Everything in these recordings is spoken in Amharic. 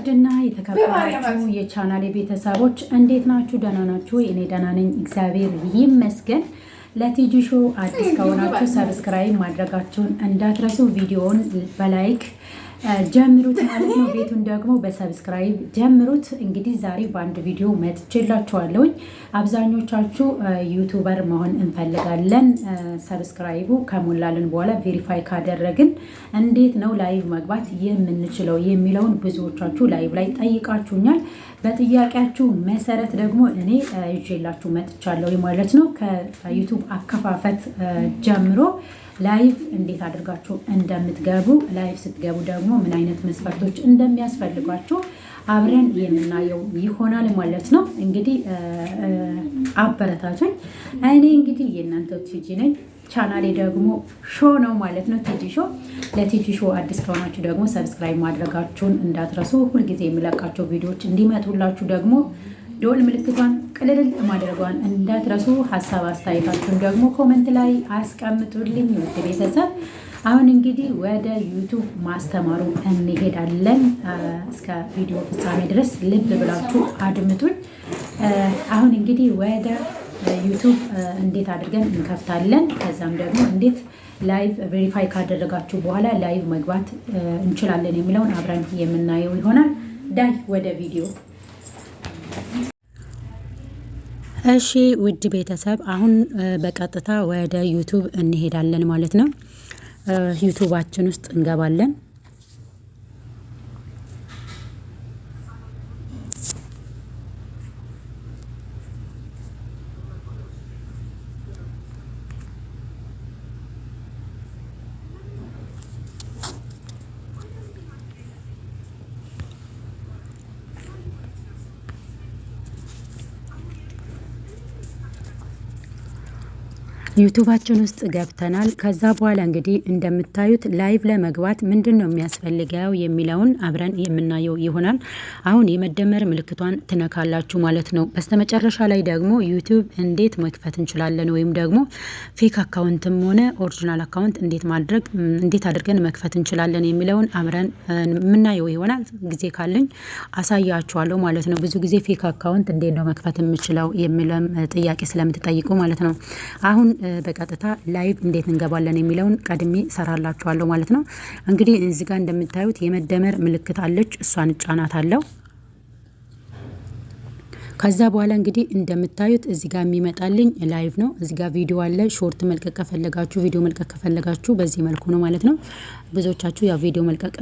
ውድና የተከበራችሁ የቻናል ቤተሰቦች እንዴት ናችሁ? ደህና ናችሁ? እኔ ደህና ነኝ፣ እግዚአብሔር ይመስገን። ለቲጂ ሾ አዲስ ከሆናችሁ ሰብስክራይብ ማድረጋችሁን እንዳትረሱ፣ ቪዲዮውን በላይክ ጀምሩት ማለት ነው። ቤቱን ደግሞ በሰብስክራይብ ጀምሩት። እንግዲህ ዛሬ በአንድ ቪዲዮ መጥቼላችኋለሁኝ። አብዛኞቻችሁ ዩቱበር መሆን እንፈልጋለን። ሰብስክራይቡ ከሞላልን በኋላ ቬሪፋይ ካደረግን እንዴት ነው ላይቭ መግባት የምንችለው የሚለውን ብዙዎቻችሁ ላይቭ ላይ ጠይቃችሁኛል። በጥያቄያችሁ መሰረት ደግሞ እኔ ይዤላችሁ መጥቻለሁ ማለት ነው ከዩቱብ አከፋፈት ጀምሮ ላይቭ እንዴት አድርጋችሁ እንደምትገቡ ላይቭ ስትገቡ ደግሞ ምን አይነት መስፈርቶች እንደሚያስፈልጓችሁ አብረን የምናየው ይሆናል ማለት ነው። እንግዲህ አበረታቸኝ እኔ እንግዲህ የእናንተ ቲጂ ነኝ። ቻናሌ ደግሞ ሾ ነው ማለት ነው፣ ቲጂ ሾ። ለቲጂ ሾ አዲስ ከሆናችሁ ደግሞ ሰብስክራይብ ማድረጋችሁን እንዳትረሱ። ሁልጊዜ የሚለቃቸው ቪዲዮዎች እንዲመጡላችሁ ደግሞ ደወል ምልክቷን ቅልልል ማድረጓን እንዳትረሱ። ሀሳብ አስተያየታችሁን ደግሞ ኮመንት ላይ አስቀምጡልኝ። ውድ ቤተሰብ አሁን እንግዲህ ወደ ዩቱብ ማስተማሩ እንሄዳለን። እስከ ቪዲዮ ፍጻሜ ድረስ ልብ ብላችሁ አድምጡኝ። አሁን እንግዲህ ወደ ዩቱብ እንዴት አድርገን እንከፍታለን፣ ከዛም ደግሞ እንዴት ላይቭ ቬሪፋይ ካደረጋችሁ በኋላ ላይቭ መግባት እንችላለን የሚለውን አብረን የምናየው ይሆናል። ዳይ ወደ ቪዲዮ እሺ ውድ ቤተሰብ አሁን በቀጥታ ወደ ዩቱብ እንሄዳለን ማለት ነው። ዩቱባችን ውስጥ እንገባለን። ዩቱባችን ውስጥ ገብተናል። ከዛ በኋላ እንግዲህ እንደምታዩት ላይቭ ለመግባት ምንድን ነው የሚያስፈልገው የሚለውን አብረን የምናየው ይሆናል። አሁን የመደመር ምልክቷን ትነካላችሁ ማለት ነው። በስተመጨረሻ ላይ ደግሞ ዩቱብ እንዴት መክፈት እንችላለን ወይም ደግሞ ፌክ አካውንትም ሆነ ኦሪጂናል አካውንት እንዴት ማድረግ እንዴት አድርገን መክፈት እንችላለን የሚለውን አብረን የምናየው ይሆናል። ጊዜ ካለኝ አሳያችኋለሁ ማለት ነው። ብዙ ጊዜ ፌክ አካውንት እንዴት ነው መክፈት የምችለው የሚለም ጥያቄ ስለምትጠይቁ ማለት ነው አሁን በቀጥታ ላይቭ እንዴት እንገባለን የሚለውን ቀድሜ ሰራላችኋለሁ ማለት ነው። እንግዲህ እዚህ ጋር እንደምታዩት የመደመር ምልክት አለች፣ እሷን ጫናት አለው። ከዛ በኋላ እንግዲህ እንደምታዩት እዚህ ጋር የሚመጣልኝ ላይቭ ነው። እዚህ ጋር ቪዲዮ አለ። ሾርት መልቀቅ ከፈለጋችሁ ቪዲዮ መልቀቅ ከፈለጋችሁ በዚህ መልኩ ነው ማለት ነው። ብዙዎቻችሁ ያው ቪዲዮ መልቀቅ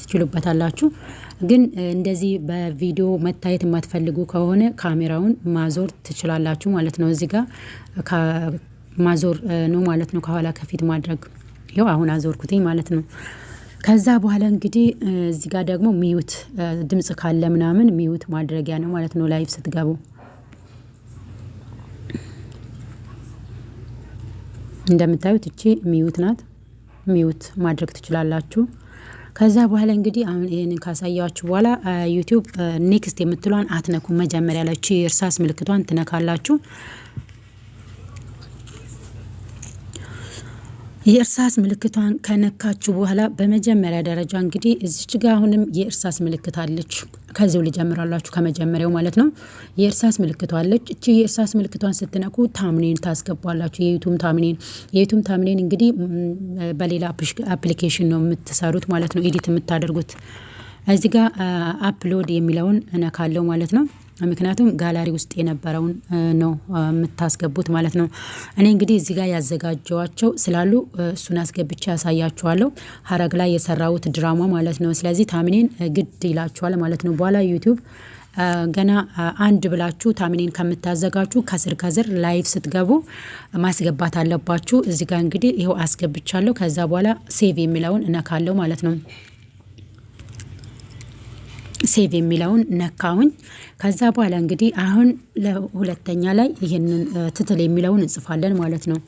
ትችሉበታላችሁ። ግን እንደዚህ በቪዲዮ መታየት የማትፈልጉ ከሆነ ካሜራውን ማዞር ትችላላችሁ ማለት ነው እዚህ ጋር ማዞር ነው ማለት ነው። ከኋላ ከፊት ማድረግ ይኸው አሁን አዞርኩትኝ ማለት ነው። ከዛ በኋላ እንግዲህ እዚህ ጋር ደግሞ ሚዩት ድምጽ ካለ ምናምን ሚዩት ማድረጊያ ነው ማለት ነው። ላይቭ ስትገቡ እንደምታዩት እቺ ሚዩት ናት። ሚዩት ማድረግ ትችላላችሁ። ከዛ በኋላ እንግዲህ አሁን ይህንን ካሳያችሁ በኋላ ዩቲዩብ ኔክስት የምትሏን አትነኩ መጀመሪያ ላችሁ እርሳስ ምልክቷን ትነካላችሁ። የእርሳስ ምልክቷን ከነካችሁ በኋላ በመጀመሪያ ደረጃ እንግዲህ እዚች ጋ አሁንም የእርሳስ ምልክት አለች። ከዚው ልጀምራላችሁ ከመጀመሪያው ማለት ነው። የእርሳስ ምልክቷ አለች። እቺ የእርሳስ ምልክቷን ስትነኩ ታምኔን ታስገባላችሁ። የዩቱም ታምኔን የዩቱም ታምኔን እንግዲህ በሌላ አፕሊኬሽን ነው የምትሰሩት ማለት ነው፣ ኤዲት የምታደርጉት። እዚህ ጋ አፕሎድ የሚለውን እነካለው ማለት ነው። ምክንያቱም ጋላሪ ውስጥ የነበረውን ነው የምታስገቡት ማለት ነው። እኔ እንግዲህ እዚህ ጋር ያዘጋጀዋቸው ስላሉ እሱን አስገብቼ ያሳያችኋለሁ። ሀረግ ላይ የሰራሁት ድራማ ማለት ነው። ስለዚህ ታምኔን ግድ ይላችኋል ማለት ነው። በኋላ ዩቲዩብ ገና አንድ ብላችሁ ታምኔን ከምታዘጋጁ ከስር ከስር ላይቭ ስትገቡ ማስገባት አለባችሁ። እዚህ ጋር እንግዲህ ይኸው አስገብቻለሁ። ከዛ በኋላ ሴቭ የሚለውን እነካለሁ ማለት ነው። ሴቭ የሚለውን ነካውኝ። ከዛ በኋላ እንግዲህ አሁን ለሁለተኛ ላይ ይህንን ትትል የሚለውን እንጽፋለን ማለት ነው።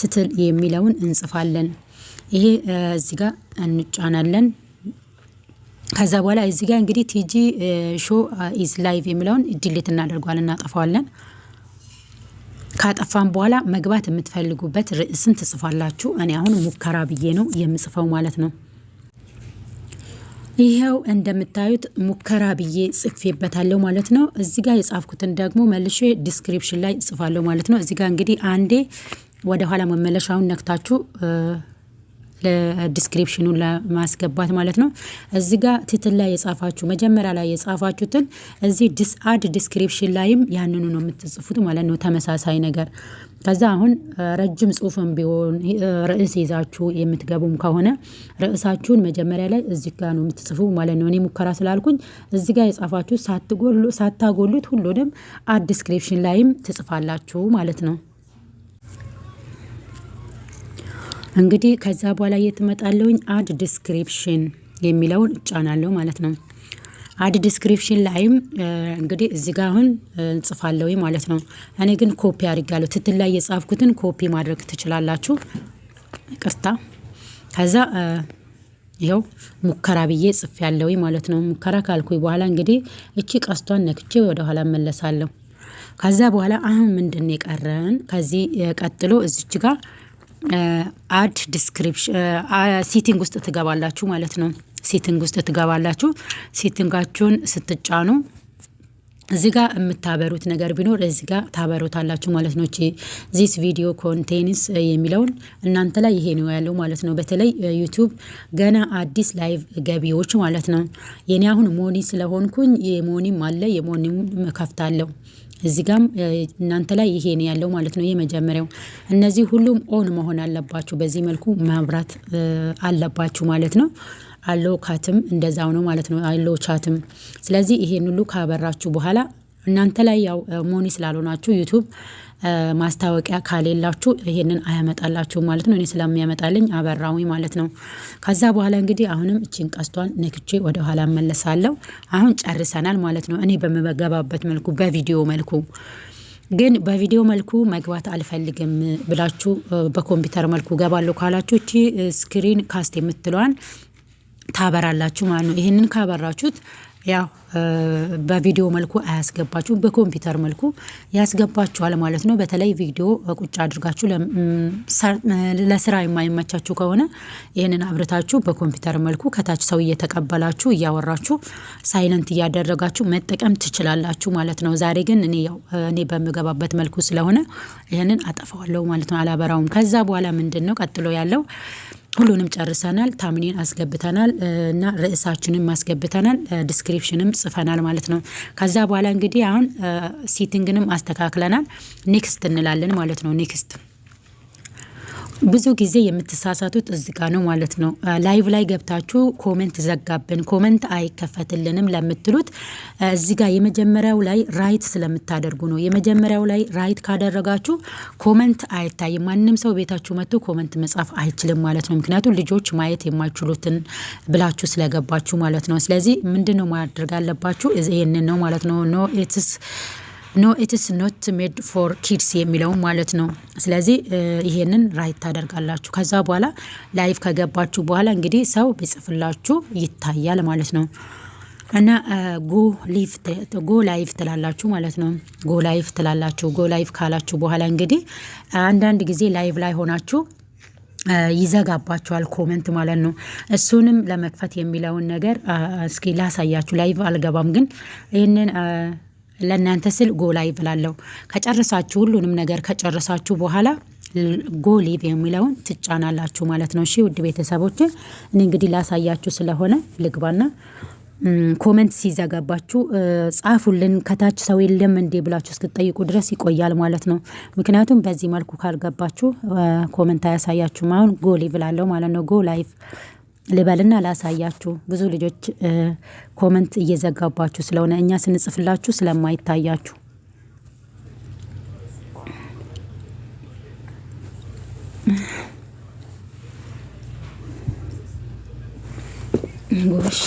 ትትል የሚለውን እንጽፋለን። ይሄ እዚህ ጋር እንጫናለን። ከዛ በኋላ እዚህ ጋር እንግዲህ ቲጂ ሾ ኢዝ ላይቭ የሚለውን ዲሌት እናደርጓለን፣ እናጠፋዋለን። ካጠፋን በኋላ መግባት የምትፈልጉበት ርዕስን ትጽፋላችሁ። እኔ አሁን ሙከራ ብዬ ነው የምጽፈው ማለት ነው። ይኸው እንደምታዩት ሙከራ ብዬ ጽፌበታለሁ ማለት ነው። እዚህ ጋር የጻፍኩትን ደግሞ መልሼ ዲስክሪፕሽን ላይ ጽፋለሁ ማለት ነው። እዚጋ ጋር እንግዲህ አንዴ ወደኋላ መመለሻውን ነክታችሁ ለዲስክሪፕሽኑ ለማስገባት ማለት ነው። እዚህ ጋ ትትል ላይ የጻፋችሁ መጀመሪያ ላይ የጻፋችሁትን እዚህ ዲስ አድ ዲስክሪፕሽን ላይም ያንኑ ነው የምትጽፉት ማለት ነው። ተመሳሳይ ነገር ከዛ አሁን ረጅም ጽሁፍም ቢሆን ርዕስ ይዛችሁ የምትገቡም ከሆነ ርዕሳችሁን መጀመሪያ ላይ እዚ ጋ ነው የምትጽፉ ማለት ነው። እኔ ሙከራ ስላልኩኝ እዚ ጋ የጻፋችሁ ሳታጎሉት ሁሉንም አድ ዲስክሪፕሽን ላይም ትጽፋላችሁ ማለት ነው። እንግዲህ ከዛ በኋላ የትመጣለውኝ አድ ዲስክሪፕሽን የሚለውን እጫናለሁ ማለት ነው። አድ ዲስክሪፕሽን ላይም እንግዲህ እዚህ ጋር አሁን እንጽፋለሁ ማለት ነው። እኔ ግን ኮፒ አድርጋለሁ። ትትል ላይ የጻፍኩትን ኮፒ ማድረግ ትችላላችሁ። ቅርታ ከዛ ይኸው ሙከራ ብዬ ጽፍ ያለው ማለት ነው። ሙከራ ካልኩ በኋላ እንግዲህ እቺ ቀስቷን ነክቼ ወደኋላ መለሳለሁ። ከዛ በኋላ አሁን ምንድን የቀረን ከዚህ ቀጥሎ እዚች ጋር አድ ዲስክሪፕሽን ሴቲንግ ውስጥ ትገባላችሁ ማለት ነው። ሴቲንግ ውስጥ ትገባላችሁ። ሴቲንጋችሁን ስትጫኑ እዚህ ጋር የምታበሩት ነገር ቢኖር እዚ ጋር ታበሩታላችሁ ማለት ነው። ዚስ ቪዲዮ ኮንቴንስ የሚለውን እናንተ ላይ ይሄ ነው ያለው ማለት ነው። በተለይ ዩቱብ ገና አዲስ ላይቭ ገቢዎች ማለት ነው። የኔ አሁን ሞኒ ስለሆንኩኝ የሞኒም አለ የሞኒም ከፍታለሁ እዚህ ጋም እናንተ ላይ ይሄን ያለው ማለት ነው የመጀመሪያው። እነዚህ ሁሉም ኦን መሆን አለባችሁ፣ በዚህ መልኩ ማብራት አለባችሁ ማለት ነው። አሎ ካትም እንደዛው ነው ማለት ነው። አሎ ቻትም። ስለዚህ ይሄን ሁሉ ካበራችሁ በኋላ እናንተ ላይ ያው ሞኒ ስላልሆናችሁ ዩቱብ ማስታወቂያ ካሌላችሁ ይሄንን አያመጣላችሁ ማለት ነው። እኔ ስለሚያመጣልኝ አበራዊ ማለት ነው። ከዛ በኋላ እንግዲህ አሁንም እችን ቀስቷን ነክቼ ወደ ኋላ መለሳለሁ። አሁን ጨርሰናል ማለት ነው። እኔ በምገባበት መልኩ በቪዲዮ መልኩ ግን በቪዲዮ መልኩ መግባት አልፈልግም ብላችሁ በኮምፒውተር መልኩ ገባለሁ ካላችሁ እቺ ስክሪን ካስት የምትለዋን ታበራላችሁ ማለት ነው። ይህንን ካበራችሁት ያው በቪዲዮ መልኩ አያስገባችሁም፣ በኮምፒውተር መልኩ ያስገባችኋል ማለት ነው። በተለይ ቪዲዮ ቁጭ አድርጋችሁ ለስራ የማይመቻችሁ ከሆነ ይህንን አብርታችሁ በኮምፒውተር መልኩ ከታች ሰው እየተቀበላችሁ እያወራችሁ ሳይለንት እያደረጋችሁ መጠቀም ትችላላችሁ ማለት ነው። ዛሬ ግን እኔ ያው እኔ በምገባበት መልኩ ስለሆነ ይህንን አጠፋዋለሁ ማለት ነው። አላበራውም። ከዛ በኋላ ምንድን ነው ቀጥሎ ያለው? ሁሉንም ጨርሰናል። ታምኔን አስገብተናል እና ርዕሳችንም አስገብተናል። ዲስክሪፕሽንም ጽፈናል ማለት ነው። ከዛ በኋላ እንግዲህ አሁን ሲቲንግንም አስተካክለናል። ኔክስት እንላለን ማለት ነው። ኔክስት ብዙ ጊዜ የምትሳሳቱት እዚጋ ነው ማለት ነው። ላይቭ ላይ ገብታችሁ ኮመንት ዘጋብን፣ ኮመንት አይከፈትልንም ለምትሉት እዚህ ጋ የመጀመሪያው ላይ ራይት ስለምታደርጉ ነው። የመጀመሪያው ላይ ራይት ካደረጋችሁ ኮመንት አይታይም። ማንም ሰው ቤታችሁ መጥቶ ኮመንት መጻፍ አይችልም ማለት ነው። ምክንያቱም ልጆች ማየት የማይችሉትን ብላችሁ ስለገባችሁ ማለት ነው። ስለዚህ ምንድን ነው ማድረግ አለባችሁ? ይህንን ነው ማለት ነው። ኖ ኢትስ ኖ ኢትስ ኖት ሜድ ፎር ኪድስ የሚለውን ማለት ነው። ስለዚህ ይሄንን ራይት ታደርጋላችሁ። ከዛ በኋላ ላይቭ ከገባችሁ በኋላ እንግዲህ ሰው ቢጽፍላችሁ ይታያል ማለት ነው። እና ጎ ላይቭ ትላላችሁ ማለት ነው። ጎ ላይቭ ትላላችሁ። ጎ ላይፍ ካላችሁ በኋላ እንግዲህ አንዳንድ ጊዜ ላይቭ ላይ ሆናችሁ ይዘጋባቸዋል ኮመንት ማለት ነው። እሱንም ለመክፈት የሚለውን ነገር እስኪ ላሳያችሁ። ላይቭ አልገባም ግን ይህንን ለእናንተ ስል ጎ ላይቭ ላለሁ ከጨረሳችሁ ሁሉንም ነገር ከጨረሳችሁ በኋላ ጎ ሊቭ የሚለውን ትጫናላችሁ ማለት ነው። እሺ ውድ ቤተሰቦች እኔ እንግዲህ ላሳያችሁ ስለሆነ ልግባና ኮመንት ሲዘጋባችሁ ጻፉልን። ከታች ሰው የለም እንዴ ብላችሁ እስክትጠይቁ ድረስ ይቆያል ማለት ነው። ምክንያቱም በዚህ መልኩ ካልገባችሁ ኮመንት አያሳያችሁም። አሁን ጎ ሊቭ ላለው ማለት ነው። ጎ ላይቭ ልበልና ላሳያችሁ። ብዙ ልጆች ኮመንት እየዘጋባችሁ ስለሆነ እኛ ስንጽፍላችሁ ስለማይታያችሁ ጎሽ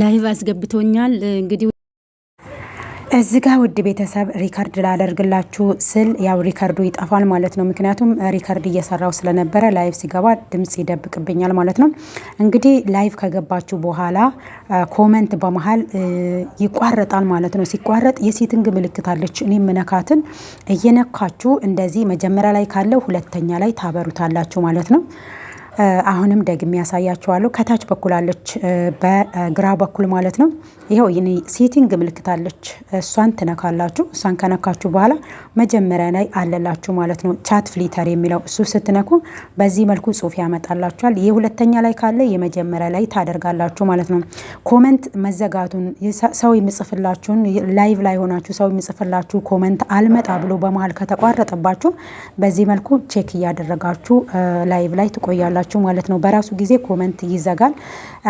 ላይቭ አስገብቶኛል እንግዲህ እዚህ ጋ ውድ ቤተሰብ ሪከርድ ላደርግላችሁ ስል ያው ሪከርዱ ይጠፋል ማለት ነው። ምክንያቱም ሪከርድ እየሰራው ስለነበረ ላይቭ ሲገባ ድምፅ ይደብቅብኛል ማለት ነው። እንግዲህ ላይቭ ከገባችሁ በኋላ ኮመንት በመሀል ይቋረጣል ማለት ነው። ሲቋረጥ የሴቲንግ ምልክት አለች። እኔ ምነካትን እየነካችሁ እንደዚህ መጀመሪያ ላይ ካለው ሁለተኛ ላይ ታበሩታላችሁ ማለት ነው። አሁንም ደግሜ ያሳያችኋለሁ። ከታች በኩል አለች፣ በግራ በኩል ማለት ነው። ይኸው ሴቲንግ ምልክት አለች፣ እሷን ትነካላችሁ። እሷን ከነካችሁ በኋላ መጀመሪያ ላይ አለላችሁ ማለት ነው፣ ቻት ፍሊተር የሚለው እሱ ስትነኩ በዚህ መልኩ ጽሁፍ ያመጣላችኋል። ሁለተኛ ላይ ካለ የመጀመሪያ ላይ ታደርጋላችሁ ማለት ነው። ኮመንት መዘጋቱን ሰው የሚጽፍላችሁን ላይቭ ላይ ሆናችሁ ሰው የሚጽፍላችሁ ኮመንት አልመጣ ብሎ በመሀል ከተቋረጠባችሁ በዚህ መልኩ ቼክ እያደረጋችሁ ላይቭ ላይ ትቆያላችሁ። ትችላላችሁ ማለት ነው። በራሱ ጊዜ ኮመንት ይዘጋል።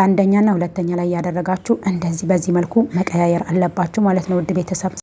አንደኛና ሁለተኛ ላይ ያደረጋችሁ እንደዚህ በዚህ መልኩ መቀያየር አለባችሁ ማለት ነው ውድ ቤተሰብ